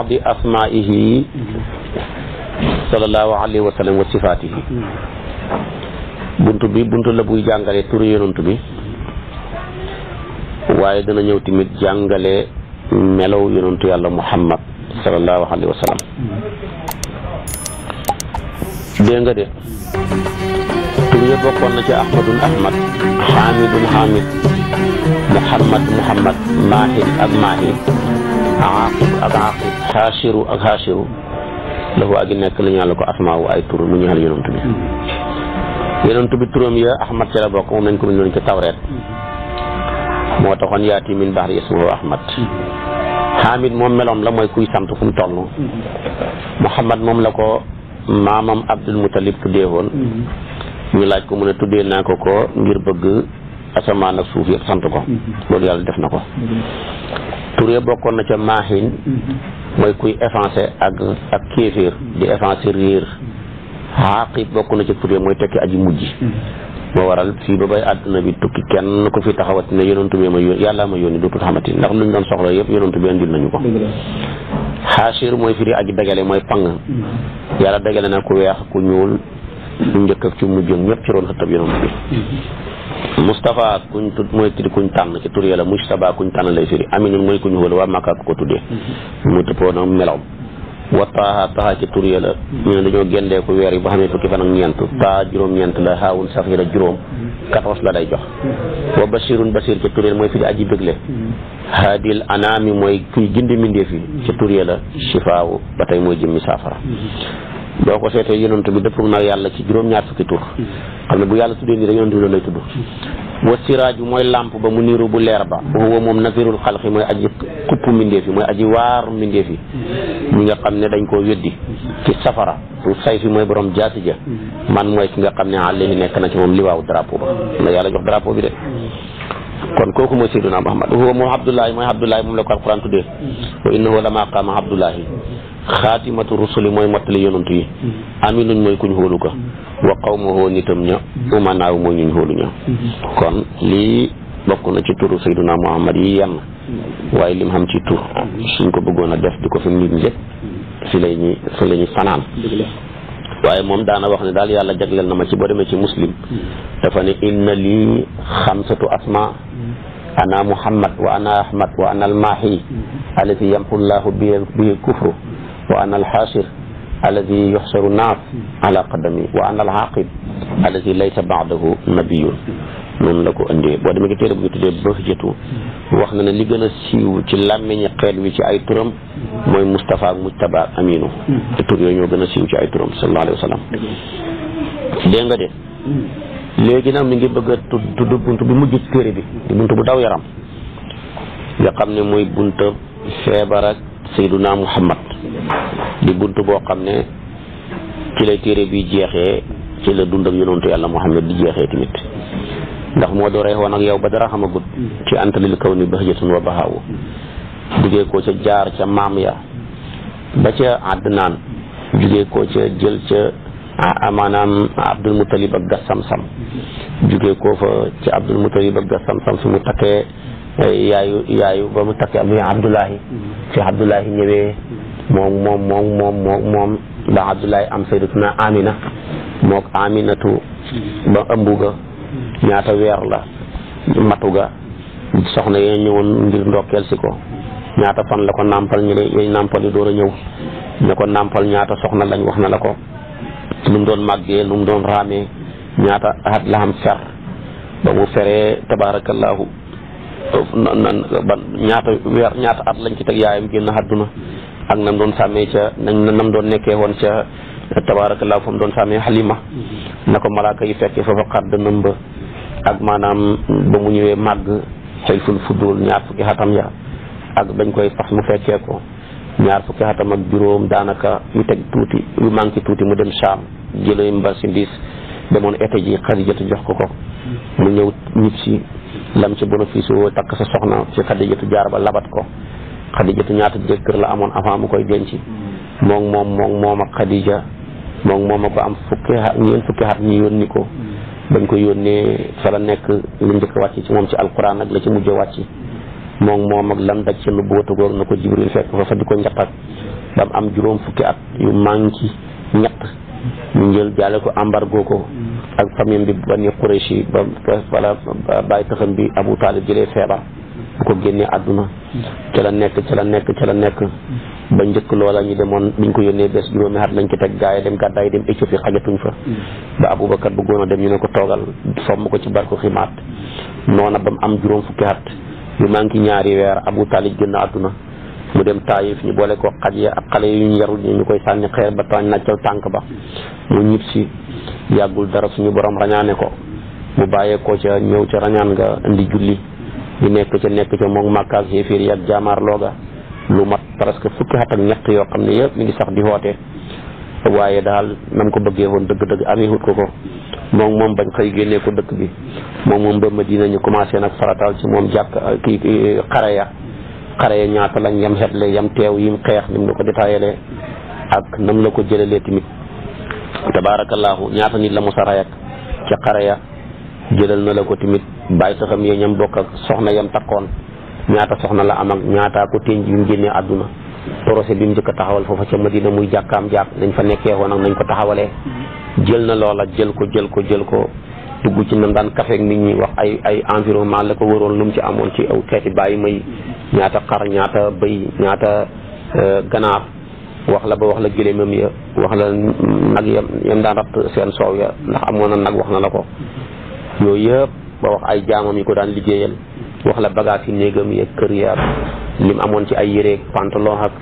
baadi asmaihi sallallahu alayhi wa sallam wa sifaatihi bunt bi bunt la buy jàngale turu yonent bi waaye dana ñëw tamit jàngale melow yonentu yàlla muhammad sallallahu alayhi wa sallam dégg nga de tur ya bokkoon na ci ahmadun ahmad xaamidun xaamid muhammad muhammad maahid ak maahid aaqib ak aaqib xaasiru ak xaasiru dafa waa gi nekk la ñu ko asmaawu ay tur lu ñu xel yonent bi yonent bi turam ya ahmad ci la bokk moom nañ ko bindoon ci tawreet moo taxoon la mooy kuy sant fu mu mu muhammad moom la ko maamam abdul mutalib tuddee woon ñu laaj ko mun ne tuddee naa ko ko ngir bëgg asamaan ak suuf yëpp sant ko loolu yàlla def na ko tur bokkoon na ca maahin mooy kuy effacé ak ak kéeféer di effacé réer xaaqib bokk na ca tur ya mooy tekki aji mujj moo waral fii ba bay àdduna bi tukki kenn ko fi taxawati ne yonantu bee ma yónni yàllaa ma yoon yónni dootul xamati ndax luñ doon soxla yëpp yonantu bi andil nañu ko xaasir mooy firi aji dagale mooy pang yàlla dagale na ku weex ku ñuul ku njëkk ak ci mujjam ñëpp ci roon xëttab yonantu bi Moustapha kuñ tudd mooy tudd kuñ tànn ci tur yàlla Moustapha kuñ tànn lay firi Aminun mooy kuñ wóolu waa Makka ku ko tuddee. Mhm. mu tëppoo nag melawam. wa taaha taaha ci tur yàlla. Mhm. ñu ne dañoo gendee ku weer yi ba xam ne fukki fan ak ñeent. Mhm. taaha juróom-ñeent la xaawun safira juróom. 14 la lay jox. wa basirun basir ci tur yàlla mooy firi aji bëgle. haadil anaami mooy kuy gindi mbindeef yi. ci tur yàlla. shifaawu ba tey mooy jëmmi saafara. boo ko seetee yonent bi dëppoo na yàlla ci juróom-ñaar fukki tur xam ne bu yàlla tuddee nii rek yonent bi loolu lay tudd wa mooy làmp ba mu niiru bu leer ba wa moom nasirul xalqi mooy aji kupp mbindeef yi mooy aji waar mbindeef yi ñi nga xam ne dañ koo weddi ci safara tu say fi mooy borom jaasi ja man mooy ki nga xam ne alayhi nekk na ci moom liwaaw drapeau ba na yàlla jox drapeau bi de kon kooku mooy sayyiduna Muhammad huwa moom Abdullahi mooy Abdullahi moom la ko alquran tuddee wa innahu lama qaama Abdullahi xaatimatu rusuli mooy mottali yonantu yi mm-hmm. aminuñ mooy kuñ xóolu ko mm-hmm. wa qawmuhu nitam ña mm-hmm. umanaaw mooy ñuñ xóolu ña kon lii bokk na ci turu sayduna muhammad yi yenn waaye lim xam ci tur suñ ko bëggoon a def di ko fi nit ñëpp fi lay fanaan waaye moom daana wax ne daal yàlla jagleel na ma ci boo demee ci muslim dafa ne inna lii xamsatu asma ana muhammad wa ana ahmad wa ana almaahi alati yamxullahu bi bihi kufru wa ana alxaasir alladi yuxsaru naas ala qadami wa ana alaqib alladi laysa baadahu nabiyun noonu la ko indee boo demee ko téere bu ñu tuddee bahjatu wax na ne li gën a ci làmmiñi xeet wi ci ay turam mooy Moustapha ak Mujtaba ak Aminu te tur yooyu ñoo gën a ci ay turam sallallahu alayhi wa sallam dégg nga de léegi nag mi ngi bëgg a bunt bi mujj téere bi di bunt bu daw yaram nga xam ne mooy bunta feebar sayduna muhammad di bunt boo xam ne ci la téere bi jeexee ci la dundam yonantu yàlla muhammad di jeexee tamit ndax moo dooree woon ak yow ba dara xamagut ci antalil kaw ni bahjatun wa bahaawu jugee ko ca jaar ca maam ya ba ca àddinaan jugee ko ca jël ca maanaam abdul muttalib ak gas sam-sam ko fa ci abdul muttalib ak gas sam-sam mu takkee yaayu yaayu ba mu takk muy Abdullahi mm-hmm. ci Abdullahi ñëwee mm-hmm. moom moom moom moom moom moom ba Abdullahi am sayyidatuna Amina mook Aminatu mm-hmm. ba ëmb ñaata weer la matuga soxna yee ñëwoon ngir ndokkeel si ko ñaata fan la ko nàmpal ñu ne yooyu door a ñëw ne ko nàmpal ñaata soxna lañ wax na la ko lu doon màggee lu doon raamee ñaata at la am fer ba mu feree tabaarakallaahu nan ban ñaata weer ñaata at lañ ci teg yaayam génn àdduna ak nam doon sàmmee ca nañ nam doon nekkee woon ca tabaarakallaa fa mu doon sàmmee xalima na ko malaaka yi fekkee fa fa xadd dënam ba ak maanaam ba mu ñëwee màgg xel ful fuddul ñaar fukki xatam ya ak dañ koy fas mu fekkee ko ñaar fukki xatam ak juróom daanaka yu teg tuuti yu manqué tuuti mu dem saam jëlee mbasindis demoon été ji Xadijatu jox ko ko mu ñëw ñib lam ci bénéfice woo takk sa soxna ci xadijatu jaar ba labat ko xadijatu ñaata jëkkër la amoon avant mu koy denc moom moom moom moom ak xadija moom moom a am fukki at ñeent fukki at ñu ko bañ koy yónnee fa la nekk lu njëkk wàcc ci moom ci alquran ak la ci mujj wàcc moom moom ak lam daj ci nu bootagoog na ko jibril fekk fa fa di ko njattak bam am juróom fukki at yu manki ñett ñu jël jaale ko embargo ko ak famille bi ba ni Quraysh ba wala bàyyi taxam bi Abu Talib jëlee feebar bu ko génnee àdduna ca la nekk ca la nekk ca la nekk ba njëkk loola ñu demoon biñ ko yónnee bés juróomi at lañ ko teg gaa yi dem gàddaay yi dem Éthiopie xajatuñ fa ba Aboubacar bu góon a dem ñu ne ko toogal fomm ko ci barko ximaat noona ba mu am juróom fukki at yu manqué ñaari weer Abu Talib génn àdduna mu dem taayif ñu boole ko xaj ya ak xale yu ñu yarul ñu koy sànni xeer ba tànn nàccal tànk ba mu ñib si yàggul dara suñu borom rañaane ko mu bàyyeekoo ca ñëw ca rañaan nga indi julli ñu nekk ca nekk ca moom màkkaag xéeféer yi ak jaamaarloo ga lu mat presque fukki at ak yoo xam ne mi ngi sax di woote waaye daal nam ko bëggee woon dëgg-dëgg amee wut ko moom moom bañ xëy génnee ko dëkk bi moom moom ba Madina ñu commencé nag farataal ci moom jàkk kii xare ya xare ya ñaata lañ yam xetle yam teew yim xeex nim la ko détaillé ak nam la ko jëlalee tamit tabaarakallaahu ñaata nit la mu sarayak ci xare ya jëlal na la ko tamit bàyyi taxam ya ñam bokk ak soxna yam takkoon ñaata soxna la am ñaataa ko ténj bi génnee àdduna procès bi mu njëkk taxawal foofa ca Madina muy jàkkaam jàkk nañ fa nekkee woon ak nañ ko taxawalee jël na loola jël ko jël ko jël ko dugg ci nam daan kafeek nit ñi wax ay ay environnement la ko wëroon lu mu ci amoon ci aw xeeti bàyyi may ñaata xar ñaata bëy ñaata euh, ganaar wax la ba wax la gëléemam ya wax la nag yam yam daan ratt seen soow ya ndax amoon na nag wax na la ko yooyu yëpp ba wax ay jaamam yi ko daan liggéeyal wax la bagage yi néegam ya kër ya lim amoon ci ay yëreeg pantalon ak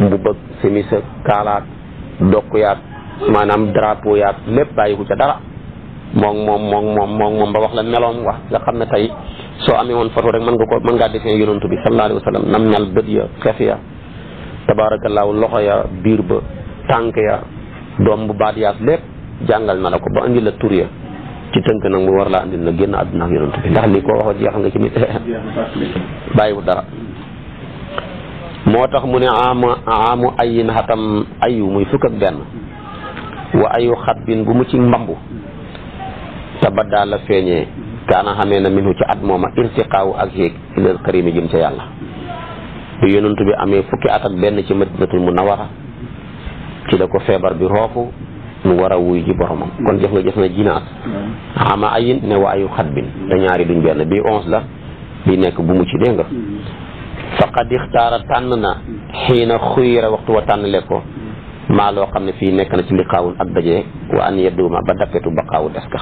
mbubb ak semis ak kaalaat dokk yaat maanaam drapeau yaat lépp bàyyi ko ca dara moom moom moom moom ba wax la meloom wax nga xam ne tey soo amee woon photo rek mën nga ko mën ngaa defee yonantu bi sallallahu alayhi wa sallam nam mel bët ya xef ya tabaarakallaahu loxo ya biir ba tànk ya doom bu baat yaag lépp jàngal na la ko ba indi la tur ya ci tënk nag mu war laa andil na génn àdduna ak yonantu bi ndax lii koo waxoo jeexal nga ci mit bàyyiwu dara moo tax mu ne amu amu ayin xatam ayu muy fukk ak benn wa ayu xat bin bu mu ci mbambu tabaddaa la feeñee kaana xamee na minhu ci at mooma irtiqaawu ak yéeg ilal karimi jëm ca yàlla bi yonent bi amee fukki at ak benn ci madinatul munawara ci ko feebar bi roofu war a wuy ji boromam kon jëf nga na jinaat ama ayin ne wa xat bin te ñaari duñ benn bii onze la bii nekk bu mu ci dégg nga faqad ixtaara tànn na xiina xuyira waxtu wa tànnle ko maa loo xam ne fii nekk na ci liqaawun ak daje wa an yedduma ba dappetu ba xaawu des ka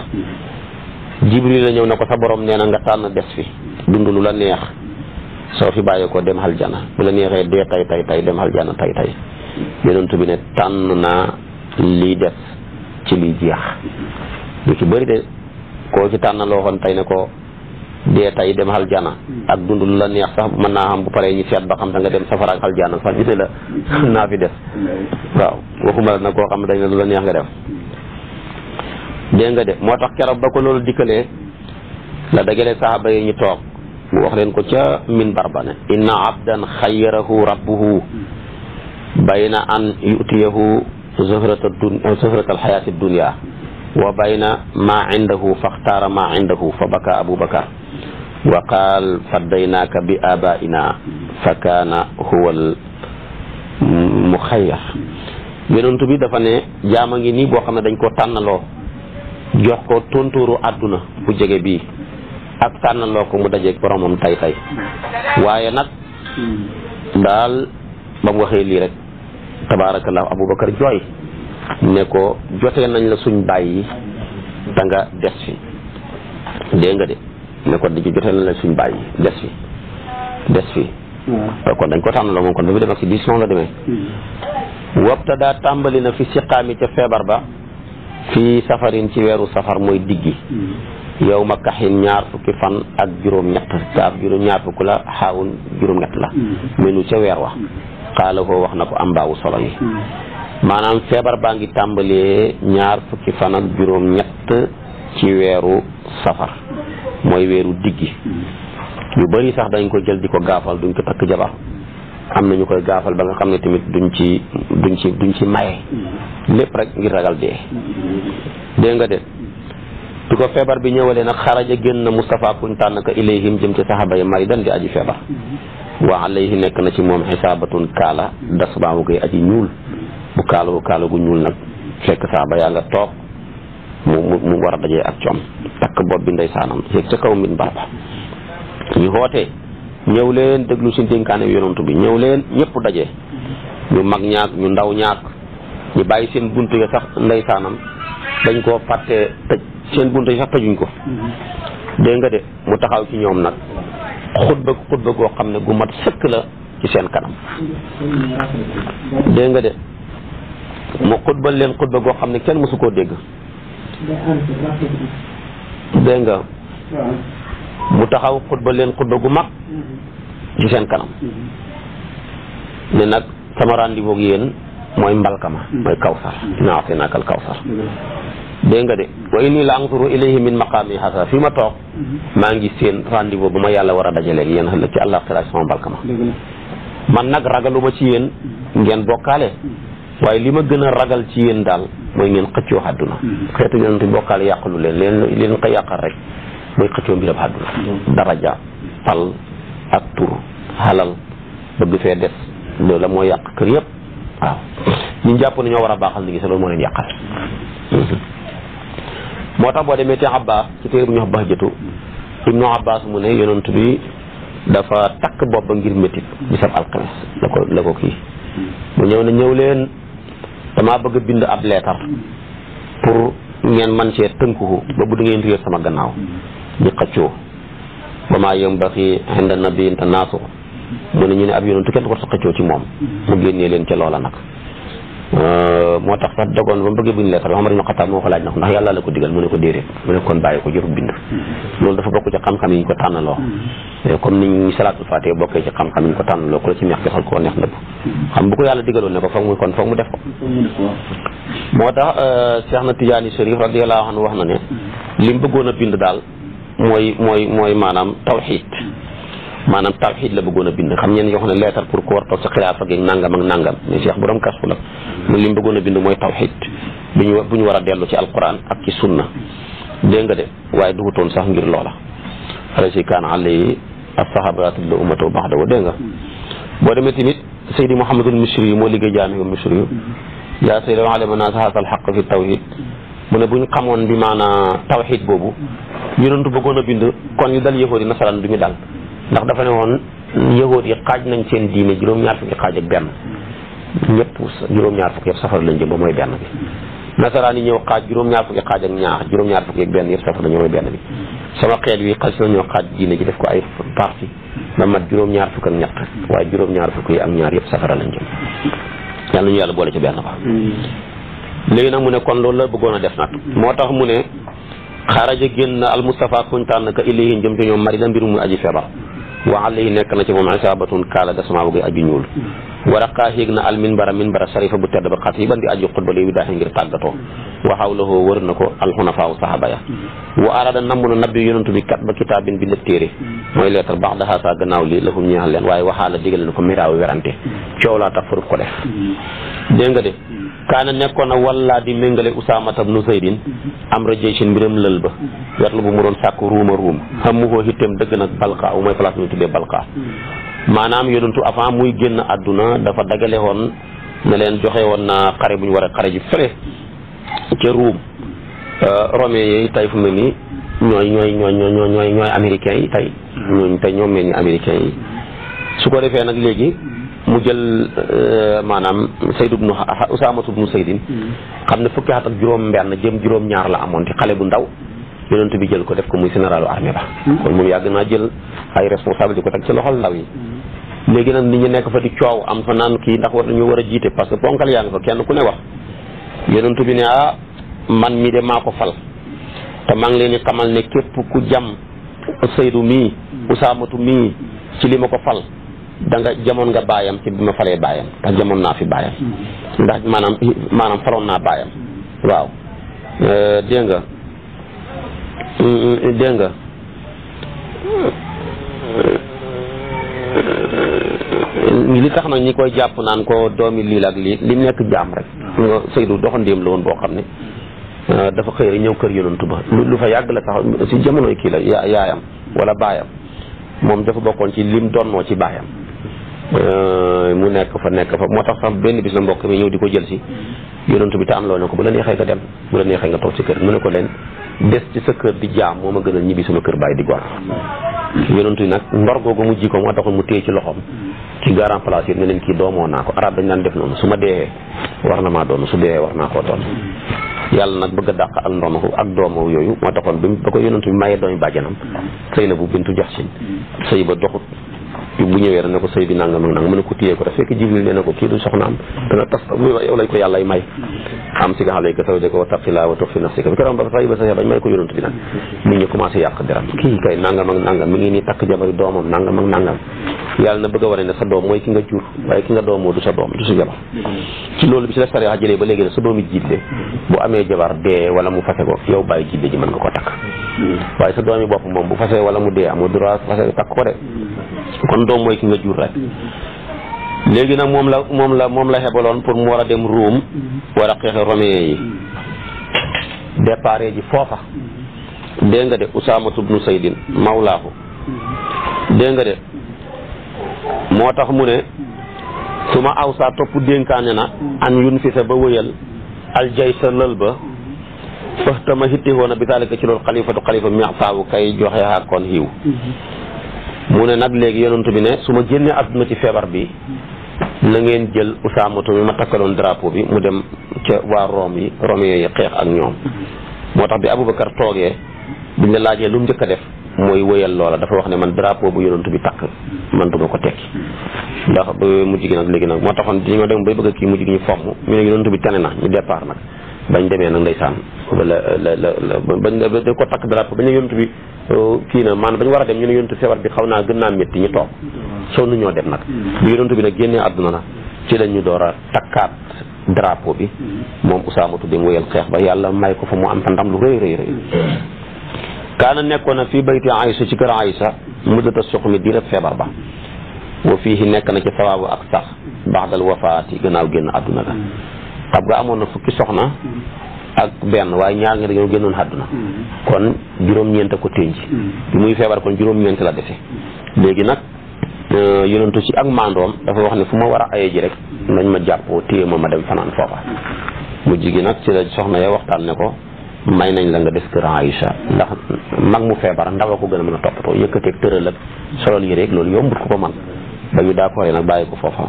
jibril la ñëw na ko sa borom nee na nga tànn des fi dund lu la neex soo fi bàyyee ko dem aljana bu la neexee dee tay tay tay dem aljana tay tay yonent bi ne tànn naa lii des ci lii jeex lu ci bëri de koo ci tànn loo xoon tey na ko dee tay dem aljana ak dund la neex sax mën naa xam bu paree ñu seet ba xam da nga dem safara ak aljana sax ñu ne la naa fi des waaw waxuma la nag koo xam ne dañ la lu neex nga def dégg nga de moo tax keroog ba ko loolu dikkalee la dagale saxaaba yi ñu toog mu wax leen ko ca minbar ba ne inna abdan xayyarahu rabbuhu bayna an yutiyahu zahrata zahrata alxayaati dunia wa bayna ma indahu faxtaara ma indahu fa baka abou bakar wa qaal faddaynaaka bi abaina fa kaana huwa al muxayyar yonent bi dafa ne a ngi nii boo xam ne dañ ko tànnaloo jox ko tontóoru àdduna bu jege bii ak tànnaloo ko mu dajeeg boromam tay tay waaye nag daal ba mu waxee lii rek tabaarakallaahu abubakar jooy ne ko jotee nañ la suñ bàyyi da nga des fi nga de ne ko di ci jotal la suñ bàyyi des fi des fi hmm. kon dañ ko tànn la moom kon ba mu dem ak si dix la demee hmm. wapta daa tàmbali na fi siqaami ca feebar ba fii safarin ci weeru safar mooy diggi hmm. yow ma kaxin ñaar fukki fan ak juróom-ñett kaaf juróom-ñaar fukk la xaawun ca weer wa xaala koo wax na ko am mbaawu solo yi maanaam feebar baa ngi tàmbalee ñaar fukki fan ak juróom-ñett ci weeru safar mooy weeru diggi ñu bari sax dañ ko jël di ko gaafal duñ ko takk jabar am na ñu koy gaafal ba nga xam ne tamit duñ ci duñ ci duñ ci maye lépp rek ngir ragal dee dégg nga de di ko feebar bi ñëwalee nag xaraja génn na Moustapha kuñ tànn ko ilayhim jëm ci saxaaba yi maridan di aji feebar waa alayhi nekk na ci moom xisaabatun kaala das baamu koy aji ñuul bu kaala bu kaala gu ñuul nag fekk saxaaba yaa nga toog mu mu war a dajee ak coom takk bopp bi ndeysaanam yéeg ca kaw min barba ñu xoote ñëw leen déglu si dénkaane bi yonantu bi ñëw leen ñëpp daje ñu mag ñaak ñu ndaw ñaak ñu bàyyi seen bunt yi sax ndeysaanam dañ koo fàttee tëj seen bunt yi sax tëjuñ ko dégg nga de mu taxaw ci ñoom nag xutba xutba goo xam ne gu mat sëkk la ci seen kanam dégg nga de mu xutbal leen xutba goo xam ne kenn mësu koo dégg dégg nga mu taxaw xutba leen xutba gu mag ci seen kanam ne nag sama rendez-vous ak yéen mooy mbalkama mooy kawsar inna a'taynaka al kawsar dégg de wa inni la anzuru ilayhi min maqami hasa fi ma toog maa ngi seen rendez-vous bu ma yàlla war a dajaleeg yéen ëllëg ci àlla xiraaj sama mbalkama man nag ragaluma ci yéen ngeen bokkaale waaye li ma gën a ragal ci yéen daal mooy ngeen xëccoo àdduna mm-hmm. xeetu yonent bokkaale yàqalu leen leen leen ko yàqal rek mooy xëccoo mbirab àdduna mm-hmm. daraja pal ak tur xalal bëgg fee des loolu la moo yàq kër yëpp waaw ñu jàpp ne ñoo war a baaxal ni ngi sa loolu moo leen yàqal mm-hmm. moo tax boo demee ci Abbas ci téere bu ñu wax Bahjatu Ibnu Abbas mu ne yonent bi dafa takk bopp ba ngir métit bisab alxames la ko la ko kii mu ñëw ne ñëw damaa bëgg a bind ab leetar pour ngeen man cee tënkuku ba bu di ngeen réer sama gannaaw di xëccoo ba maa yëm ba xii xinda nabiin te naasu mu ne ñu ne ab yonentu kenn ko sa xëccoo ci moom mu génnee leen ca loola nag Euh, moo tax sax dogoon ba mu bëggee bind lettre Omar ibn Khattab moo ko laaj na ko ndax yàlla la ko digal mu ne ko déedéet mu ne kon bàyyi ko jëru bind mm-hmm. bokk ci xam-xam ko tànnaloo mm-hmm. comme niñ salaatul fatiha bokkee ci xam ko tànnaloo ku la ci neex joxal ko neex nëbb mm-hmm. xam bu ko yàlla digaloon ne ko foog mu kon foog mu def ko moo tax euh, wax na ne li mu bëggoon a bind daal mooy mooy mooy maanaam tawxiid maanaam tawxiid la bëggoon a bind xam ngeen yoo xam ne lettre pour ku war toog sa xilaaf ak nangam ak nangam mais Cheikh borom kasfu la mu li mu bëggoon a bind mooy tawxid bu ñu bu ñu war a dellu ci alquran ak ci sunna dégg nga de waaye dugutoon sax ngir loola alasi kaan alayi assahabatul la ummato baax dawo dégg nga boo demee tamit saydi mouhamadul misri yi moo liggéey jaamiu misri yu yaa sayda alama naas haasal xaq fi tawxid mu ne bu ñu xamoon bi maanaa tawxid boobu yonentu bëggoon a bind kon li dal yi nasaraan du ñu dal ndax dafa ne woon yahuudi xaaj nañ seen diine juróom-ñaar xaaj ak ñëpp juróom-ñaar fukk yëpp safara lañ jëm ba mooy benn bi nasaraan yi ñëw xaaj juróom-ñaar fukki xaaj ak ñaar juróom-ñaar fukk ak benn yëpp safara ñoo mooy benn bi sama xeet wi xas nañoo xaaj diine ji def ko ay parti ba mat juróom-ñaar fukk ak ñett waaye juróom-ñaar fukk yi ak ñaar yëpp safara lañ jëm yàlla nañu boole ci benn ba léegi nag mu ne kon loolu la bëggoon a def nag moo tax mu ne xaraja génn na al Mustafa kuñ tànn ka ilayhi jëm ci ñoom mari la mbiru mu aji feebar wa alayhi nekk na ci moom isaabatun kaala gasmaaw gi aju ñuul waraqaa yéeg na al minbara minbara sarifa ba xatiban di aju xutba li widaaxe ngir tàggatoo waxaaw la na ko alxunafaaw sahaba ya wa arada namm na nabbi yonantu bi kat ba kitaabin bi lépp téere mooy leetar baax daxaa sa gannaaw li lahum ñeexal waaye waxaa la digal leen ko miraaw werante coow laa ko def dégg nga de kaana nekkoon na wallaa di méngale usaamatam nu saydin am rajey sin mbiram lël ba werlu bu mu doon sàkk ruuma ruum xamuhoo hitteem dëgg nag balka u mooy place bu ñu tuddee balka maanaam yonentu avant muy génn àdduna dafa dagale woon ne leen joxe woon na xare bu ñu war a xare ji fële ca ruum euh, rome yi tey fu mel ni ñooy ñooy ñooy ñooy ñooy yi tey ñooñu ñoom mel ni américains yi su ko defee nag léegi mu jël euh, maanaam Seydou ibnu Usaamatu ibnu Seydin mm-hmm. xam ne fukki at ak juróom benn jëm juróom ñaar la amoon ci xale bu ndaw mm-hmm. yonent bi jël ko def ko muy généralu armée ba mm-hmm. kon moom yàgg naa jël ay responsable di ko teg ci loxol ndaw yi léegi nag ni ñu nekk fa di coow am fa naan kii ndax war ñu war a jiite parce que ponkal yaa ngi fa kenn ku ne wax yonent bi ne ah man mii de maa ko fal te ngi leen di xamal ne képp ku jam Seydou mii Usaamatu mii ci li ma da nga jamoon nga baayam ci bi ma falee baayam ndax jamoon naa fi baayam ndax maanaam maanaam faloon naa baayam waaw euh, dégg nga dégg nga li tax nag ñi koy jàpp naan ko doomi lii ak lii li nekk jaam rek Seydou doxandéem la woon boo xam ne euh, dafa xëy rek ñëw kër yonantu ba lu fa yàgg la sax si jamonoy kii la yaayam wala baayam moom dafa bokkoon ci lim donnoo ci baayam Euh, mu nekk fa nekk fa moo tax sax benn bi la mbokk mi ñëw di ko jël si yonentu bi te am loo ne ko bu la neexee nga dem bu la neexee nga toog ci kër mu ne ko leen des ci sa kër di jaam moo ma gënal ñibbi suma kër bàyyi di gor yonentu nag ndor googu mu ji ko moo taxoon mu téye ci loxoom ci grand place yi ne leen kii doomoo naa ko arab dañ daan def noonu su ma deexee war na maa doon su deexee war naa koo doon yàlla nag bëgg a dàq ak ndono ak doomu yooyu moo taxoon bi ba ko yonentu bi mayee doomi bàjjanam sëy na bu bintu jaxsin sëy ba doxut bu ñëwee rek ko sëy bi nangam ak nangam mu ne ko téyee ko te fekk jibril nee na ko kii du soxnaam dana tas yow lañ ko yàllay may wa taqila wa tux fi nafsika bi karam ba may ko yonantu bi nag mu ñu commencé yàq deram kii kay nangam ak nangam mi ngi nii takk jabari doomam nangam ak nangam yàlla na bëgg a wane ne sa doom mooy ki nga jur waaye ki nga doomoo du sa doom du sa jabar ci loolu bi si la sariya jëlee ba léegi ne sa doomi jiitle bu amee jabar dee wala mu fase ko yow bàyyi jiitle ji mën nga ko takk doom mooy ki nga jur rek léegi nag moom la moom la moom la xebaloon pour mu war a dem Ruum war a xeexe romain yi départ ji foofa dégg nga de Usaama ibnu Saydin mawlaahu dégg nga de moo tax mu ne su ma aw saa topp dénkaane na an yun fi sa ba wëyal aljay sa lël ba fëxtama xitti woon a bisaalika ci loolu xalifatu xalifa mi saabu kay joxe xaakoon xiiw mu ne nag léegi yonantu bi ne su ma génnee àdduna ci feebar bi na ngeen jël moto bi ma takkaloon drapeau bi mu dem ca waa Rome yi Rome yooyu xeex ak ñoom moo tax bi Aboubacar toogee biñ la laajee lu mu njëkk def mooy wëyal loola dafa wax ne man drapeau bu yonantu bi takk man duma ko tekki ndax ba mujj gi nag léegi nag moo taxoon dañoo dem bay bëgg a kii mujj gi ñu fomm ñu ne yonantu bi tane na ñu départ nag bañ demee nag ndeysaan la la la bañ da ko takk drapeau bañ ne yonantu bi kii na maanaam dañu war a dem ñu ne yonentu feebar bi xaw naa gën naa métti ñu toog sonn ñoo dem nag bi yonentu bi nag génnee àdduna na ci la ñu door a takkaat drapeau bi moom Usaamatu bi mu wéyal xeex ba yàlla may ko fa mu am fa ndam lu rëy rëy rëy kaana nekkoon na fii bayti Aïsa ci kër Aïsa muddata suqmi diirab feebar ba wa fii nekk na ci sawaabu ak sax baax dal wafaati gannaaw génn àdduna la xam nga amoon na fukki soxna ak benn waaye ñaar nga dañoo génnoon àdduna mm-hmm. kon juróom-ñeent ko tënj mm-hmm. bi muy feebar kon juróom-ñeent la defe mm-hmm. léegi nag euh, yonentu ci ak mandoom dafa wax ne fu ma war a aye ji rek nañ ma jàppoo téye moom ma dem fanaan foofa mu jigéen nag ci la soxna ya waxtaan ne ko may nañ la nga des kër Aïcha ndax mag mu feebar ndaw la ko gën a mën a toppatoo yëkkateeg tëral ak solol yi rek loolu yombut ko ko man ba ñu daakooree nag bàyyi ko foofa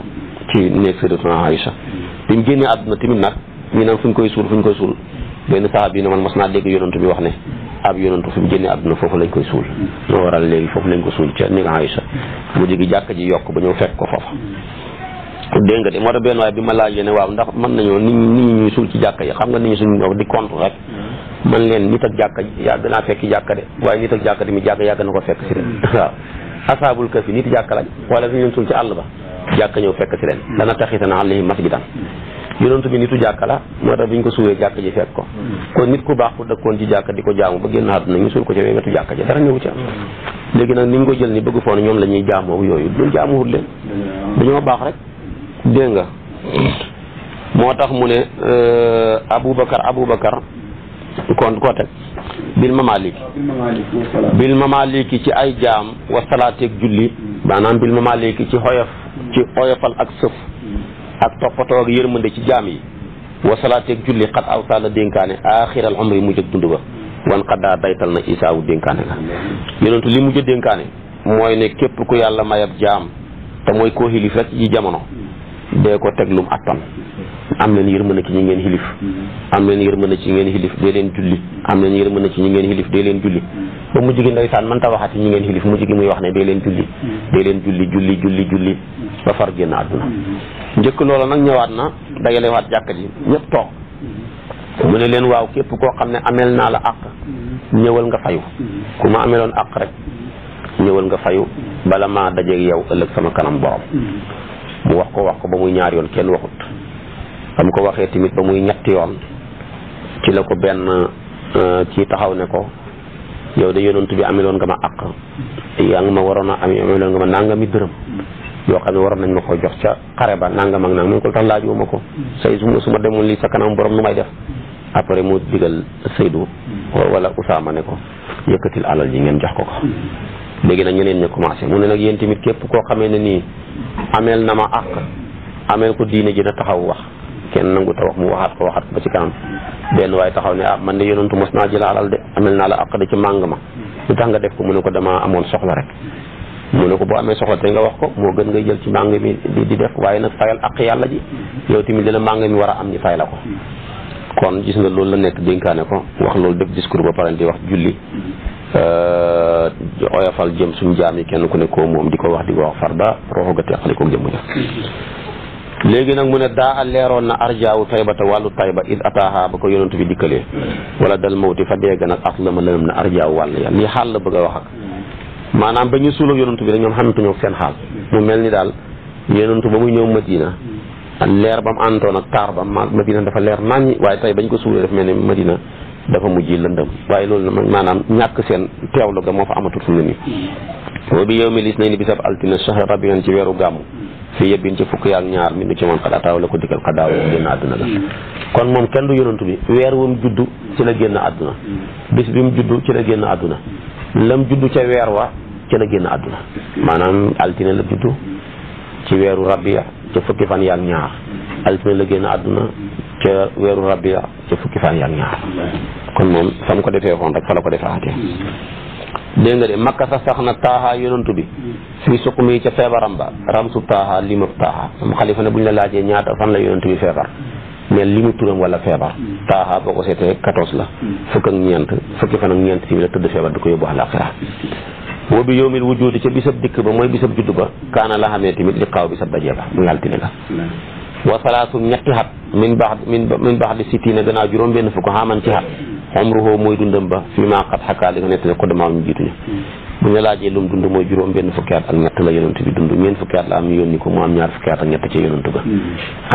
ci néeg sëriñ Aïcha bi mu génnee àdduna tamit nag ñu naan fu ñu koy suul koy suul benn saxaab yi ne man mas naa dégg yonantu bi wax ne ab yonantu fi mu génne àdduna foofu lañ koy suul moo waral léegi foofu lañ ko suul ca ni nga Aysa mu jigi jàkk ji yokk ba ñëw fekk ko foofa dégg nga de moo tax benn waaye bi ma laajee ne waaw ndax mën nañoo nit ñi ci jàkk xam nga nit ñi suñ di compte rek leen nit ak jàkka yàgg naa fekk jàkka de waaye nit ak jàkka mi jàkk yàgg na ko fekk si ren mm. waaw nit jàkka lañ wala fi ñu leen suul ci àll ba jàkk ñëw fekk si ren dana mm. taxitana alayhi masjidan yonentu bi nitu jàkk la moo tax bi ñu ko suulee jàkka ji fekk ko hmm. kon nit ku baax ku dëkkoon ci jàkk di ko jaamu ba génn àdduna ñu suul ko ci wetu jàkka ji dara ñëwu ca hmm. léegi nag ni ñu ko jël ni bëgg foon ñoom la ñuy jaamoo yooyu du jaamuwut leen hmm. dañoo baax rek dégg moo tax mu ne euh, Aboubacar Aboubacar kon koo teg bil mamalik ah, bil mamaliki ci ay jaam wa salaateeg julli maanaam bil mamaliki ci xoyof ci xoyofal ak sëf ak toppatoo ak yërmande ci jaam yi wa salaateeg julli xat awtaa la dénkaane aaxiral umri yi mujj ak dund ba wan xaddaa daytal na isaawu dénkaane la yonentu li mujj a dénkaane mooy ne képp ku yàlla mayab jaam te mooy koo xilif rek yi jamono dee ko teg lum attan am leen yërmande ci ñi ngeen xilif mm-hmm. am leen yërmande ci ñi ngeen xilif dee leen julli am leen yërmande ci ñi ngeen xilif dee leen julli mm-hmm. ba mu jigi ndeysaan man ta waxati ñi ngeen xilif mu jigi muy wax ne dee leen julli mm-hmm. dee leen julli julli julli ba far génn àdduna njëkk loola nag ñëwaat na dajale waat jàkkat yi ñëpp toog mu ne leen waaw képp koo xam ne ameel naa la àq ñëwal nga fayu ku ma ameloon àq rek ñëwal nga fayu bala maa dajeeg yow ëllëg sama kanam borom wax ko wax ko ba muy yoon kenn waxut xam ko waxee tamit ba muy ñetti yoon ci la ko benn euh, ci taxaw ne ko yow da yonent bi ameloon nga ma àq yaa ngi ma waroon a am ameloon nga ma nangami dërëm yoo xam ne waroon nañ ma ko jox ca xare ba nangam ak nangam mu ngi ko tax laajoo ma ko say su ma demoon lii sa kanam borom nu may def après mu digal Seydou wala ma ne ko yëkkatil alal ji ngeen jox ko ko léegi nag ñeneen ña commencé mu ne nag yéen tamit képp koo xamee ne nii ameel na ma àq ameel ko diine ji na taxaw wax kenn nangu ta wax mu waxaat ko waxaat ko ba ci kanam benn waaye taxaw ne ah man de yonantu mos naa jël alal de amel naa la àq de ci màng ma lu tax nga def ko mu ne ko damaa amoon soxla rek mu ne ko boo amee soxla te nga wax ko moo gën ngay jël ci màng mi di di def waaye nag fayal ak yàlla ji yow tamit dina màng mi war a am ñi fay la ko kon gis nga loolu la nekk dénkaane ko wax loolu def discours ba pare di wax julli oyofal jëm suñu jaam yi kenn ku ne moom di ko wax di ko wax ba roxo ga teqali ko léegi nag mu ne daa a leeroon na arjaawu taybata wàllu tayba id ataaha ba ko yonent bi dikkalee wala dal mawti fa dégg nag aslama lënam na arjaaw wàll ya lii xaal la bëgg a wax maanaam ba ñu suula ak bi rek ñoom xamatuñu seen xaal mu mel ni daal yonent ba muy ñëw madina leer ba mu àndoon ak taar ba madina dafa leer naññi waaye tey bañ ko suulee dafa mel ni madina dafa mujj lëndëm waaye loolu ma maanaam ñàkk seen teewlu ga moo fa amatul fu mu ne nii. boobu yow mi lis nañ ni bisab altina shahr rabian ci weeru gàmmu fi yebbin ci fukk yaak ñaar mi nu ci moom xadaataa la ko dikkal xadaa moom génn àdduna ga mm. kon moom kenn du yonantu bi weer wu mu juddu ci la génn àdduna mm. bis bi mu juddu ci la génn àdduna lam juddu ca weer wa ci la génn àdduna maanaam altine la juddu ci weeru rabbiya ca fukki fan yaak ñaar altine la génn àdduna ca weeru rabia ca fukki fan yaak ñaar mm. kon moom fa mu ko defee woon rek fa la ko defee aatee dégg nga de makka sa sax na taaxaa yonantu bi fii mi ca feebaram ba ramsu taaxaa limab taaxaa am xalifa ne bu ñu la laajee ñaata fan la yonantu bi feebar mais limu turam wala feebar taaxaa boo ko seetee quatorze la fukk ak ñeent fukki fan ak ñeent ci bi la tëdd feebar di ko yóbbu àllaaxira wa bi yowmil wujuudi ca bisab dikk ba mooy bisab judd ba kaana la xamee tamit li xaaw bisab dajee ba mu yàltine la wa salaasu ñetti xat min baax min baax di sittiina gannaaw juróom benn fukk xaman ci xat umruhu mooy dundam ba mi maa xat xakkaa li nga nettali ko damaa ñu jiituñu bu ñu laajee lum dund mooy juróom benn fukki at ak ñett la yonent bi dund ñeent fukki at la am ñu yónni ko mu am ñaar fukki at ak ñett ci yonent ba hmm.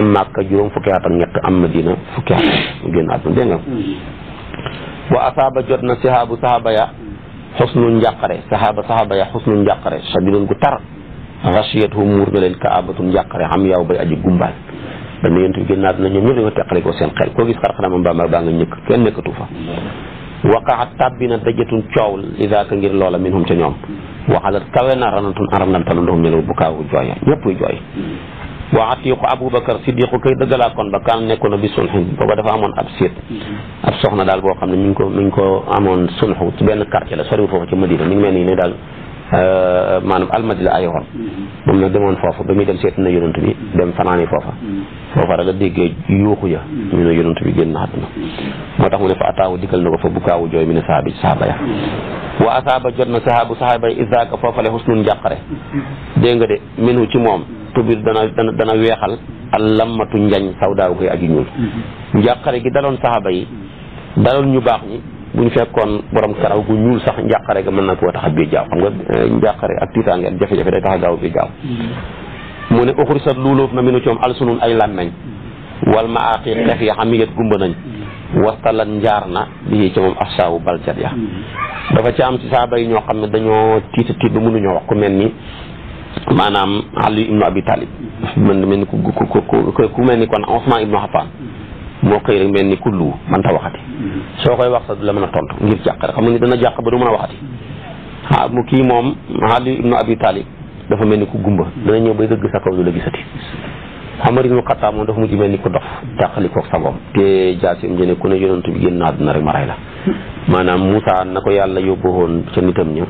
am Makka juróom fukki at ak ñett am Madina fukki at mu génn àdduna dégg nga hmm. wa asaaba jot na sahaabu sahaaba ya xusnu njàqare sahaaba sahaaba ya xusnu njàqare sa bi doon gu tar rachiyat hu muur na leen kaabatun njàqare am yaaw bay aji gumbaay ba ni yonent bi génnaat na ñoom ñëpp dañoo teqale ko seen xel koo gis xar-xaramam baa baa nga ñëkk kenn nekkatu fa waqaxat tàbbi na dajatun coow li zaaka ngir loola minhum ca ñoom waxalat kawe na ranantun aram lan tanu ndoxum ñelaw bu kaawu jooy ñëpp jooy waxat yi ko aboubacar siddiqu kay dëggalaa kon ba kaan nekkoon na bi sunxin booba dafa amoon ab siit ab soxna daal boo xam ne mi ngi ko mi ngi ko amoon sunxu ci benn quartier la soriwul foofu ci Madina mi ngi mel ni daal Euh, maanaam almadi la ayoon mm-hmm. moom na demoon foofu ba muy dem seet na yonent bi dem fanaani foofa mm-hmm. foofa rek la déggee yuuxu ya mm-hmm. ñu ne yonent bi génn àdduna moo tax mu ne fa ataawu dikkal na ko fa bu kaawu jooy mi ne sahaabi sahaaba ya wa asaaba jot na sahaabu sahaaba yi isaaka foofa la xusnul njàqare dégg nga de minu ci moom tubir dana dana dana weexal a lammatu njañ sawdaawu koy aju ñuul njàqare gi daloon sahaaba yi daloon ñu baax ñi bu ñu fekkoon borom karaw gu ñuul sax njàqare ga mën na koo tax a bii jaaw xam nga eh, njàqare ak tiitaange ak jafe-jafe day tax a gaaw bii jaaw mm-hmm. mu ne uxurisat luuloof na minu coom alsunun ay làmmeñ mm-hmm. wal ma aaqi xeex ya xam yet gumba nañ mm-hmm. wastalan njaar na bi ci moom asaawu baljat ya dafa ci am ci saaba yi ñoo xam ne dañoo tiita tiit ba mënuñoo wax ku mel ni maanaam Ali ibnu Abi Talib mën mel ni ku ku ku ku mel ni kon Usmaan ibnu Affaan boo xëy rek mel ni kullu man ta waxati soo koy wax sax du la mën a tontu ngir jàq rek xam nga ni dana jàq ba du man a waxati ah mu kii moom Ali ibnu Abi Talib dafa mel ni ku gumba dana ñëw bay dëgg sa kaw du la gisati Amar ibnu Xattaab moom dafa ni ku dof tàqali koog sagoom te jaasim jëne bi génn àdduna rek ma rey la maanaam na ko yàlla yóbbu woon ca nitam ña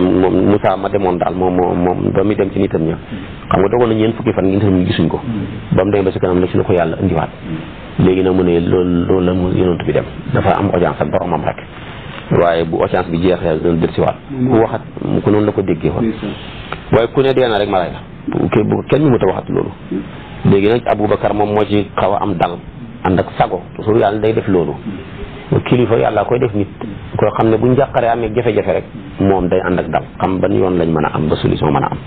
moom Moussa ma demoon daal moom moom moom ba muy dem ci nitam ña xam nga dogoon na ñeent fukki fan ngi nitam gisuñ ko ba mu demee ba si kanam nag si la ko yàlla indiwaat léegi nag mu ne loolu loolu la mu yonantu bi dem dafa am audience ak boromam rek waaye bu audience bi jeexee doon dël siwaat ku waxat ku noonu la ko déggee woon waaye ku ne dee na rek ma rey la kenn ñu mu ta waxat loolu léegi nag Aboubacar moom moo ci xaw a am dal ànd ak sago toujours yàlla day def loolu kilifa yàlla koy def nit koo xam ne bu njàqaree amee jafe-jafe rek moom day ànd ak dal xam ban yoon lañ mën a am ba solution mën a am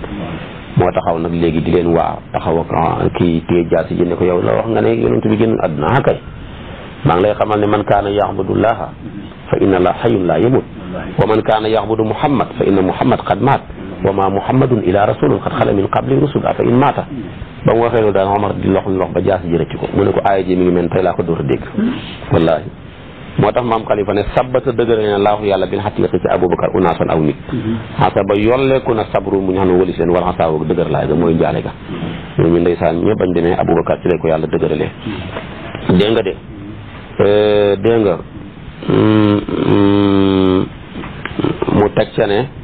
moo taxaw nag léegi di leen waa taxaw ak ah, kii téye jaasi ji ne ko yow la wax nga ne yonent bi génn àdduna akay ah, maa ngi lay xamal ne man kaana yaxbudullaha fa inna la xayun laa yamut wa man kaana yaxbudu muhammad fa inna muhammad qad maat wa ma muhammadun ila rasulun xat xala min qabli rusul afa in maata ba mu waxee loolu daan Omar di lox lox ba jaas ji ko mu ne ko aaya ji mi ngi mel tey laa ko door a dégg wallaahi moo tax maam Khalifa ne sabbata dëgëral na laahu yàlla bin xatiqi ci Aboubacar unaason aw nit xasa ba yolleeku na sabru mu ñu xam ne walis leen wala xasa woog dëgër laay ga mooy njaale ga ñoo ñu ndeysaan ñëpp bañ demee Aboubacar ci lay ko yàlla dëgëralee dégg nga de euh, dégg mm, mm, mu teg ca ne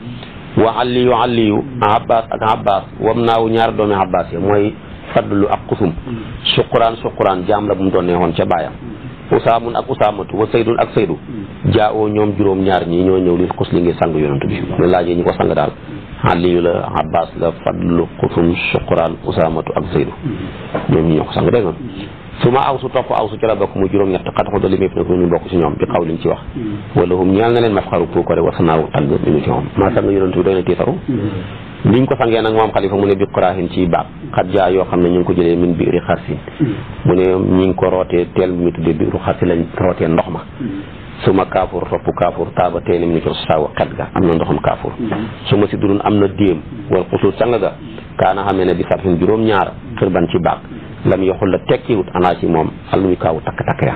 wa aliyu aliyu abbas ak abbas wam naawu ñaari doomi abbas ya mooy fadlu ak kusum mm. suquraan suquraan jaam la bu mu doon neexoon ca baayam mm. usaamun ak usaamatu wa saydun ak saydu mm. jaawoo ñoom juróom ñaar ñi ñoo ñëw li xus li ngir sang yonent bi ma laajee ñi ko sang daal aliyu la abbas la fadlu kusum suquraan usaamatu ak saydu ñoom ñi ñoo sang dégg nga su ma aw su topp aw su ci bokk mu juróom-ñett xat xudda li muy fi ñu bokk si ñoom bi xaw liñ ci wax wala hum ñaal na leen maf xaru pour ko rek war sanaawu tagg li ñu ci moom maa sang yonent bi tiitaru liñ ko sangee nag moom xalifa mu ne bi kuraahin ci baab xat jaa yoo xam ne ñu ngi ko jëlee min biiri xarsin mu ne ñi ngi ko rootee teel bi mu tuddee biiru xarsi lañ rootee ndox ma su ma kaafur topp kaafur taaba tey lim ni cos saawa xet ga am na ndoxam kaafur su ma si durun am na déem wala xusuur sang ga kaana xamee ne bi sabxin juróom-ñaar xirban ci baag lam yoxul la tekkiwut anaa ci moom alluñu kaawu takk-takk ya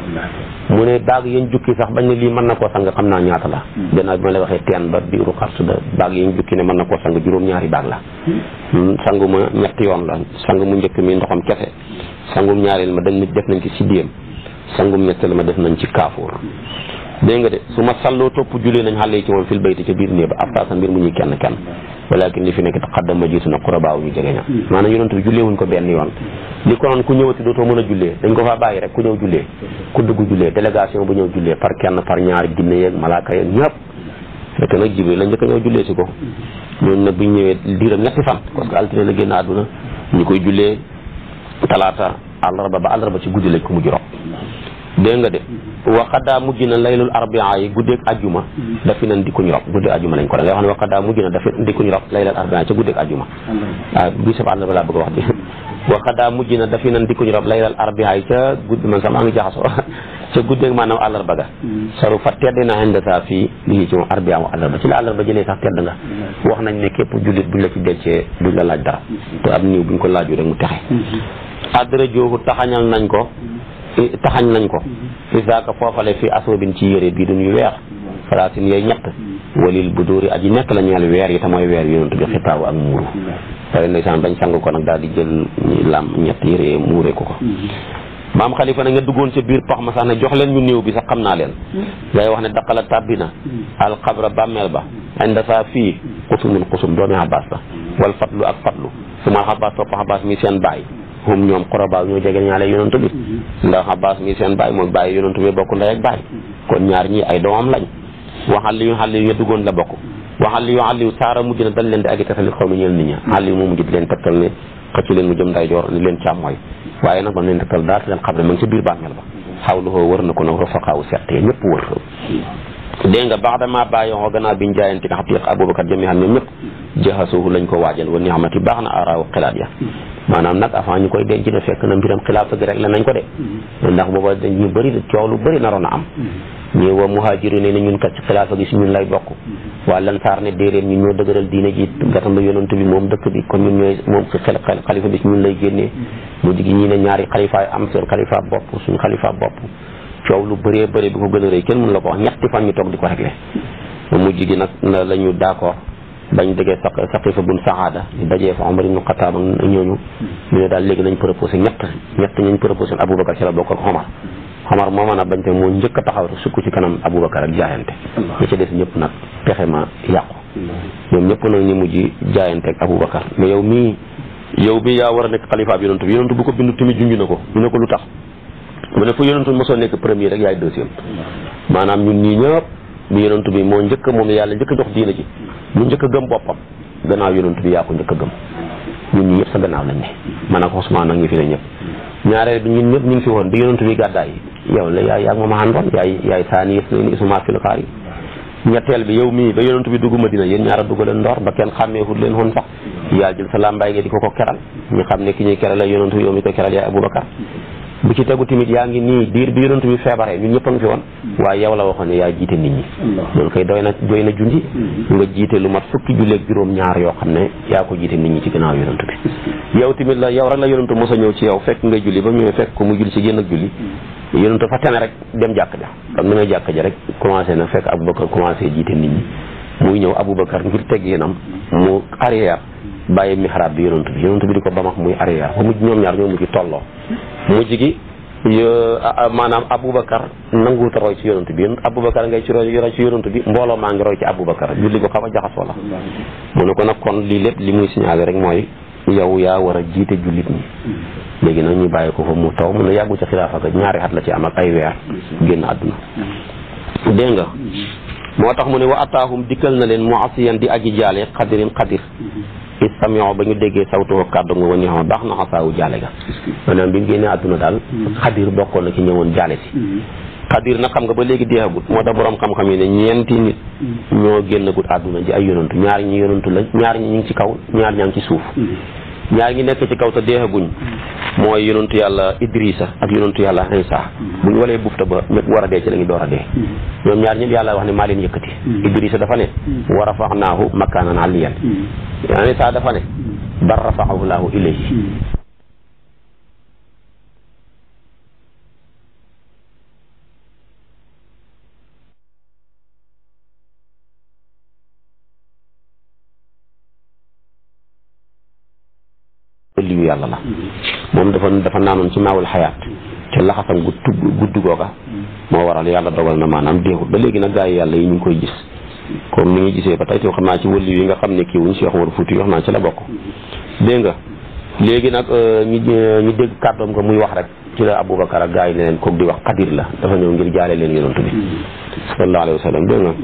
mu ne baag yañ jukki sax bañ ne lii mën na koo sang xam naa ñaata la gannaaw bi ma lay waxee teen ba biiru xarsu da baag yañ jukki ne mën na koo sang juróom-ñaari baag la sangu ma ñetti yoon la sang mu njëkk mi ndoxam kese sangum ñaareel ma dañ def nañ ci siddéem sangum ñetteel ma def nañ ci kaafuur dégg nga de su ma salloo topp jullee nañ xale yi ci moom fil bayti ca biir néeg ba afta sa mbir mu ñuy kenn kenn walakin li fi nekk ma jiitu na xurabaaw ñu jege ña maanaam yonent bi jullee wuñ ko benn yoon li konoon ku ñëwati dootoo mën a jullee dañ ko faa bàyyi rek ku ñëw jullee ku dugg jullee délégation bu ñëw jullee par kenn par ñaari ginne yeeg malaaka yeeg ñëpp fekk nag jibril la njëkk a ñëw jullee si ko ñooñu nag bu ñu ñëwee diiram ñetti fan parce que altine la génn àdduna ñu koy jullee talaata àllarba ba àllarba ci guddi lañ ko mujj rob dégg nga de waqadaa mujj na laylul arbia yi guddeeg ajjuma dafi nan dikkuñ rob guddeeg ajjuma lañ ko da nga wax ne waqadaa mujj na ah, dafi dikkuñ rob laylul arbia yi ca guddeeg ajjuma waaw bi sab àll wax di waqadaa mujj na dafi nan dikkuñ rob laylul arbia yi ca gudd man sax maa ngi jaxasoo ca guddeeg hmm. fa tedd na xen saa fii lii ci moom arbia mu àllarba ci la àllarba jëlee sax tedd nga hmm. wax nañ ne képp jullit buñ la ci dencee duñ la laaj dara hmm. te am niw buñ ko laaju rek mu texe addara joobu taxañal nañ ko taxañ nañ ko mm-hmm. fi saaka foofale fi aswabin ci yére bii duñuy weex faraasin yooyu ñett walil bu dóori aji nekk la ñeel weer yi te mooy weer yonent bi xitaabu ak muuru mm-hmm. pare ndeysaan bañ sang ko nag daal di jël lam ñett yére muure ko ko mm-hmm. maam xalifa na nga duggoon ca biir pax ma sax ne jox leen ñu néew bi sax xam naa leen day wax ne daqala tàbbi na alxabra bàmmeel ba inda saa fii xusumun xusum doomi xabaas ba wal fatlu ak fatlu su ma xabaas topp xabaas mi seen bàyyi hum ñoom xorobaa ñoo jege ñaale yonantu bi mm-hmm. ndax Abbas mi seen baay mooy bàyyi yonantu bi bokk ndey ak baay mm-hmm. kon ñaar ñi ay doomam lañ waxal yu xal li yu duggoon la bokk waxal li yu xal yu saara mujj na dañ leen di agi tasali xaw mi ñeel nit ña xal mu mujj di leen tegtal ne xëcc leen mu jëm nday joor ni leen càmmooy waaye nag ba mu leen tegtal biir bàmmeel ba mm-hmm. xaw lu ñëpp wër dégg baax dama bàyyi xoo gannaaw bi ñu jaayante nga xam te Abubakar jëmi xam ñoom ñëpp jaxasuhu lañ ko waajal wa ni baax na araaw xilaat ya maanaam nag avant ñu koy denc de fekk na mbiram xilaafa gi rek la nañ ko de mm-hmm. ndax booba ñu bëri coow lu bëri naroon a am mm-hmm. ñi wa muhaajiru ne ñun kat ci xilaafa gi si ñun lay bokk mm-hmm. waa lan saar ne déedéet ñun ñoo dëgëral diina ji gatam lu yonantu bi moom dëkk bi kon ñun ñooy moom lay génnee mu ne ñaari xalifaay am seen xalifa bopp suñu xalifa bopp coow lu bëree bëri bi ko gën a rëy kenn mun la ko wax ñetti fan ñu toog di ko réglé mujj gi nag la ñu d'accord bañ degee saq saqifa bun saada ñu dajee fa Omar ibnu Xataab ak ñooñu ñu ne daal léegi nañ proposé ñett ñett ñañ proposé Aboubacar la bokk ak Omar Omar moo a bañ te njëkk taxaw sukk ci kanam Aboubacar ak jaayante ñi ci ñëpp nag pexe ma yàqu ñoom ñëpp nag ñu mujj jaayante ak Aboubacar mais yow mii yow bi yaa war a nekk xalifa bi yonantu bi yonantu bu ko bindu na ko ñu ne ko lu tax mu ne fu yonantu mosoo nekk premier rek yaay deuxième maanaam ñun ñii ñëpp bi yonantu bi moo njëkk moom yàlla njëkk jox diina ji bu njëkk gëm boppam gannaaw yonent bi yaa ko njëkk gëm ñun ñi yëpp sa gannaaw lañ ne man ak Ousmane nag ñu fi ne ñëpp ñaareel bi ñun ñëpp ñu ngi fi woon bi yonent bi gàddaay yi yow la yaay yaa ngi ma àndoon yaay yaay saani yëf na ni isuma fil xaar yi ñetteel bi yow mii ba yonent bi dugg Madina yéen ñaar a dugg leen ndoor ba kenn xàmmeefut leen woon sax yaa jël sa làmbaay nga di ko ko keral ñu xam ne ki ñuy keral la yonent yow mi ko keral yaay Aboubacar bu ci tegu tamit yaa ngi nii biir bi yonent bi feebaree ñun ñëpp a ngi fi woon mm-hmm. waaye yow la waxoon ne yaa jiite nit ñi loolu koy doy na doy na junji mm-hmm. nga jiite lu mat fukki julleeg juróom ñaar yoo xam ne yaa ko jiite nit ñi ci gannaaw yonent bi yow tamit la yow rek la yonent mos a ñëw ci yow fekk ngay julli ba mu ñëwee fekk ko mu julli ci génn ak julli mm-hmm. yonent fa tene rek dem jàkk ja kon mu nga jàkk ja rek commencé na fekk Aboubacar commencé jiite nit ñi muy ñëw Aboubacar ngir tegginam mu arrière bàyyi mixraab bi yonent bi yonent bi di ko bamax muy arrière ba mujj ñoom ñaar ñoo mujj tolloo mujj gi maanaam aboubacar nanguuta roy ci yonent bi aboubacar ngay ci roy roy ci yonent bi mbooloo maa ngi roy ci aboubacar julli ko xaw a jaxasoo la mu ne ko nag kon lii lépp li muy signalé rek mooy yow yaa war a jiite jullit ñi léegi nag ñu bàyyi ko fa mu taw mun na yàggu ci xilaafa ga ñaari at la ci am ak ay weer génn àdduna dégg nga moo tax mu ne wa ataahum dikkal na leen mu asiyan di aji jaale xadirin xadir istamion ba ñu déggee sawtoo kàddu nga wañu xam baax na xasaawu jaale ga maanaam bi ñu génnee àdduna daal mm-hmm. xadir bokkoon na ci ñëwoon jaale si mm-hmm. xadir na xam nga ba léegi deexagut moo tax boroom xam-xam yi ne ñeenti nit mm-hmm. ñoo génnagut àdduna ji ay yonantu ñaar ñi yonantu lañ ñaar ñi ñu ngi ci kaw ñaar ñaa ngi ci suuf ñaar ngi nekk ci kaw te deexaguñ mooy yonentu yàlla Idrissa ak yonentu yàlla Insa bu ñu walee bufta ba ñëpp war a dee ci la ñu door a dee ñoom ñaar ñëpp yàlla wax ne maa leen yëkkati Idrissa dafa ne naa rafaxnaahu makaanan aliyan saa dafa ne bal rafaxahu laahu ilayhi waliyu yàlla la moom dafa dafa naanoon ci maawul xayaat ca laxasam gu tudd gudd googa moo waral yàlla dogal na maanaam deexut ba léegi nag gaa yi yàlla yi ñu ngi koy gis comme ni ngi gisee ba tey tam xam naa ci wëlli yi nga xam ne kii wuñ Cheikh Omar Fouti wax naa ci la bokk dégg nga léegi nag euh, ñu euh, ñu dégg kàddoom nga muy wax rek ci la Aboubacar ak gaa yi ne leen di wax xadir la dafa ñëw ngir jaale leen yonent bi sallallahu alayhi wa sallam dégg nga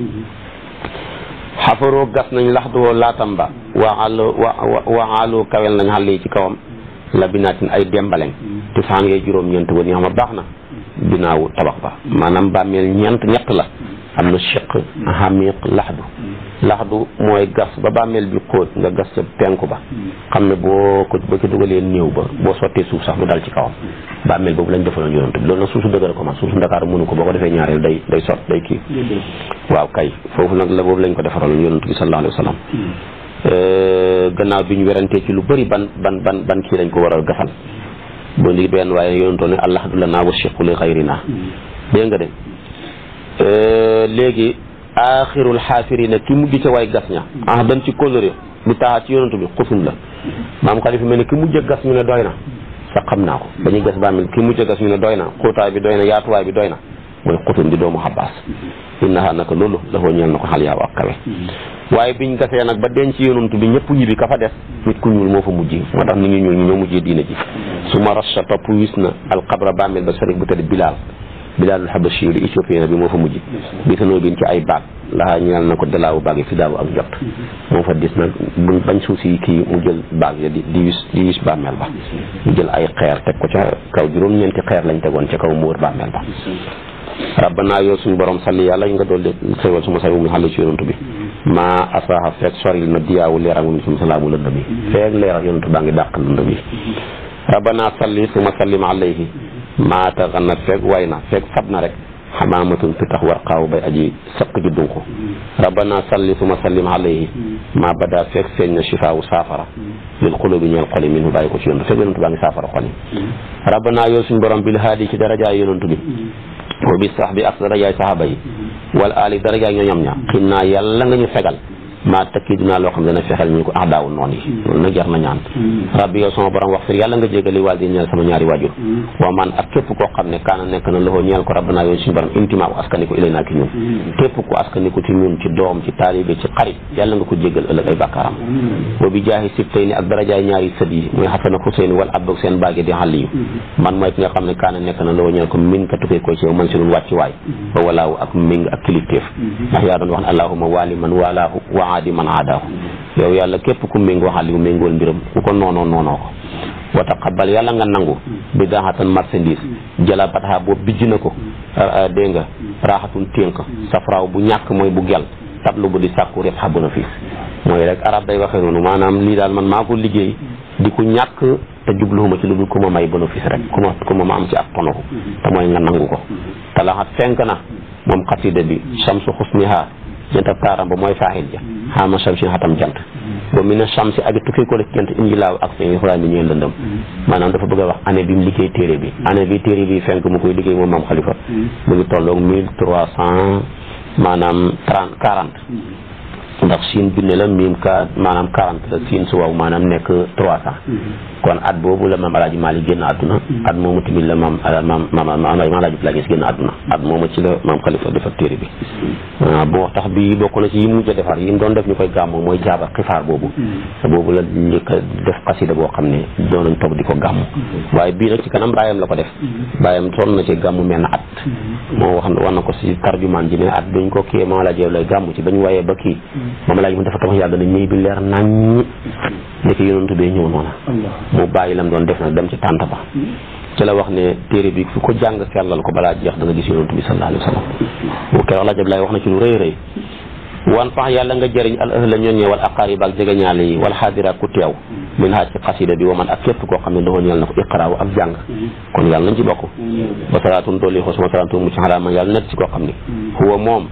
xafaroo gas nañ laxduwoo laatam ba waaxalu wa waalu kawel nañ xàll yi ci la binaatin ay dembaleñ mm. te saam yee juróom-ñeent ba ni xam baax na mm. binaawu tabax ba maanaam bàmmeel ñeent ñett la mm. am na chiq hamiq laxdu laxdu mooy gas ba bàmmeel bi xóot nga gas sa penku ba xam ne boo ko boo ci dugalee néew ba boo sottee suuf sax mu dal ci kawam bàmmeel boobu lañ defaloon yonent bi loolu nag suusu dëgër ko man suusu ndakaaru mënu ko boo ko defee ñaareel day day sot day kii waaw kay foofu nag la boobu lañ ko defaral yonent bi sallallahu alayhi wa Euh, gannaaw bi ñu werantee ci lu bëri ban ban ban ban kii lañ ko war a gasal ba léegi benn waaye yonentoo ne allah du la naa wa shiqu li xayrina dégg nga de euh, léegi aaxirul xaafirina ki mujj ca waay gas ña ah dan ci kóllëre lu taxaat ci yonentu bi xusum la maam xalifa mel ne ki mujj a gas ñu ne doy na sax xam naa ko dañuy gas bàmmeel ki mujj a gas ñu ne doy na xóotaay bi doy na yaatuwaay bi doy na mooy xutun di doomu xabaas mm-hmm. innaha naka loolu dafa ñeel na ko xal yaaw ak kawe mm-hmm. waaye biñ gasee nag ba denc yonent bi ñëpp ñibbi ka fa des nit ku ñuul moo fa mujj moo tax nit ñu ñuul ñu mujjee diina ji mm-hmm. su ma rasha topp wis na al alxabra bàmmeel ba sarik bu tëdd bilaal bilaalul xabashi di éthiopien bi moo fa mujj bi sanoo bin ci ay baag laxaa ñeel na ko dalaawu baag yi fi daawu ak njot moo fa dis nag buñ bañ suuf si kii mu jël baag di di di wis bàmmeel ba mu jël ay xeer teg ko ca kaw juróom-ñeenti xeer lañ tegoon ca kaw mu wër bàmmeel ba rabbana yow suñu borom salli yàlla nga dool xéwal suma say mu xàll ci yonantu bi ma asaxa fekk soril ma diyaawu leeral mu suma salaamu lënd bi fekk leeral yonantu baa ngi dàq lënd bi rabbana salli suma sallim alayhi maa tax na fekk way na fekk fab na rek xamaamatun fi tax war xaaw bay aji sëq ji dunq rabbana salli suma sallim alayhi maa bada fekk feeñ na shifaawu saafara lil xulóo bi ñeel xol yi min bàyyi ko ci yonantu fekk yonantu baa ngi saafara xol yi rabbana yow suñu borom bil haadi ci darajaa yonantu bi wa bi sax bi ak darajaay saxaaba yi wala ali darajaay ñoo ñoom ña xin naa yàlla nga ñu fegal ma takki dinaa loo xam ne dana fexeel ñu ko aadaawu ah, noon yi mm. loolu nag jar na ñaan mm. rabbi yow sama borom wax fir yàlla nga jégali waali ñeel sama ñaari waajur mm. waa man ak képp koo xam ne kaana na loxoo ñeel ko rabbana yooyu suñu borom nga xam ne kaana nekk na loxoo ñeel ko min ka tukkee ko ci yow man si lul wàcc waay ba walaawu ak ming ak kilifteef ndax yaa doon wax allahuma waali man walaahu wa aadi man aadaahu yow yàlla képp ku méngoo xal yu méngool mbiram ku ko noonoo noonoo ko wa taqabbal yàlla nga nangu bi daaxatan marchandise jala bataxa boobu bijj na ko euh, euh, dégg nga raaxatun ténk safraaw bu ñàkk mooy bu gel tablu bu di sàkku ref xa bénéfice mooy rek arab day waxee lii daal man maa ko liggéey di ku ñàkk te jubluwuma ci lu dul ku ma may bénéfice rek ku ma ku ma ma am ci ak tono ko talaxat fenk na moom xasida bi samsu xusniha jant ak taaram ba mooy faaxil ja mm-hmm. xaama sam si jant ba mm-hmm. mi ne sam si ak tukkee ko rek jant indi laaw ak fi nga xuraan bi ñëwee lëndëm mm-hmm. maanaam dafa bëgg a wax année bi mu liggéey téere bi année bi téere bi fenk mu koy liggéey moom maam xalifa mu ngi tolloog mille trois cent maanaam trente quarante ndax siin bi ne la miim ka maanaam quarante la siin su maanaam nekk trois cent kon at boobu la maam El Hadj Malick génn àdduna. Mm-hmm. at moom tamit la maam euh, maam maam El Hadj Blaguès génn àdduna. Mm-hmm. at moomu ci la maam Khalifa defar mm-hmm. euh, boo tax bi bokk na ci yi mu mujj a defar doon def ñu koy gàmm mooy jaaba xifaar boobu. boobu la njëkk def xasida boo xam ne doon nañ toog di ko gàmm. waaye bii nag ci kanam bàyyam la ko def. bàyyam sonn na ci gàmm mel na at. moo wax wax na ko si tarjumaan ji ne at duñ ko kii maam El Hadj lay gàmm ci bañ waaye ba kii. maam mu dafa tabax yàgg na ñëy bi leer naññ. nekk yonantu bee ñëw noona mu bàyyi lam doon def nag dem ci tànt ba ci la wax ne téere bi ku ko jàng sellal ko balaa jeex da nga gis yonent bi sallallahu alayhi wa sallam bu keroog la jab laay wax na ci lu rëy rëy wan fax yàlla nga jëriñ al ahla ñooñee wal aqaariba ak jegeñaale yi wal xaadira ku teew min haa ci xasida bi wa man ak képp koo xam ne doxoon yàlla na ko iqraaw ak jàng kon yàlla nañ ci bokk wasalaatun dooli xos wasalaatun mucc man yàlla nekk ci koo xam ne huwa moom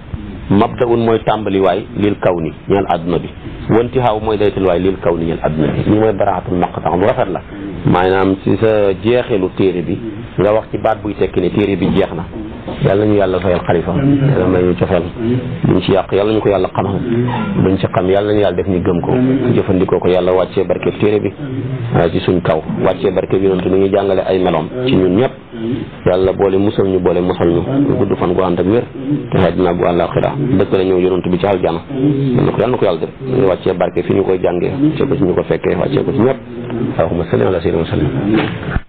mabda'un mooy tàmbali waay lil kaw ni ñeel àdduna bi wanti xaaw mooy waay lil kaw ni ñeel àdduna bi lii mooy baraatul maqta bu rafet la maanaam si sa jeexeelu téere bi nga wax ci baat buy tekki ni téere bi jeex na yàlla ñu yàlla fa fayal xalifa yàlla may ñu cofeel buñ ci yàq yàlla ñu ko yàlla xamal buñ ci xam yàlla ñu yàlla def ñu gëm ko jëfandikoo ko yàlla wàccee barkeb téere bi ci suñ kaw wàccee barkeb yonentu ni ñu jàngale ay meloom ñun ñëpp yàlla boole musal ñu boole musal ñu gudd fan gu ànd ak wér te àddina bu àllaaxira dëkk la ñëw bi ci aljana na ko yàlla na ko yàlla def ñu wàccee barke fi ñu koy jàngee wàccee ko ci ñu ko fekkee wàccee ko ci ñëpp allahumma salli ala sayyidina wa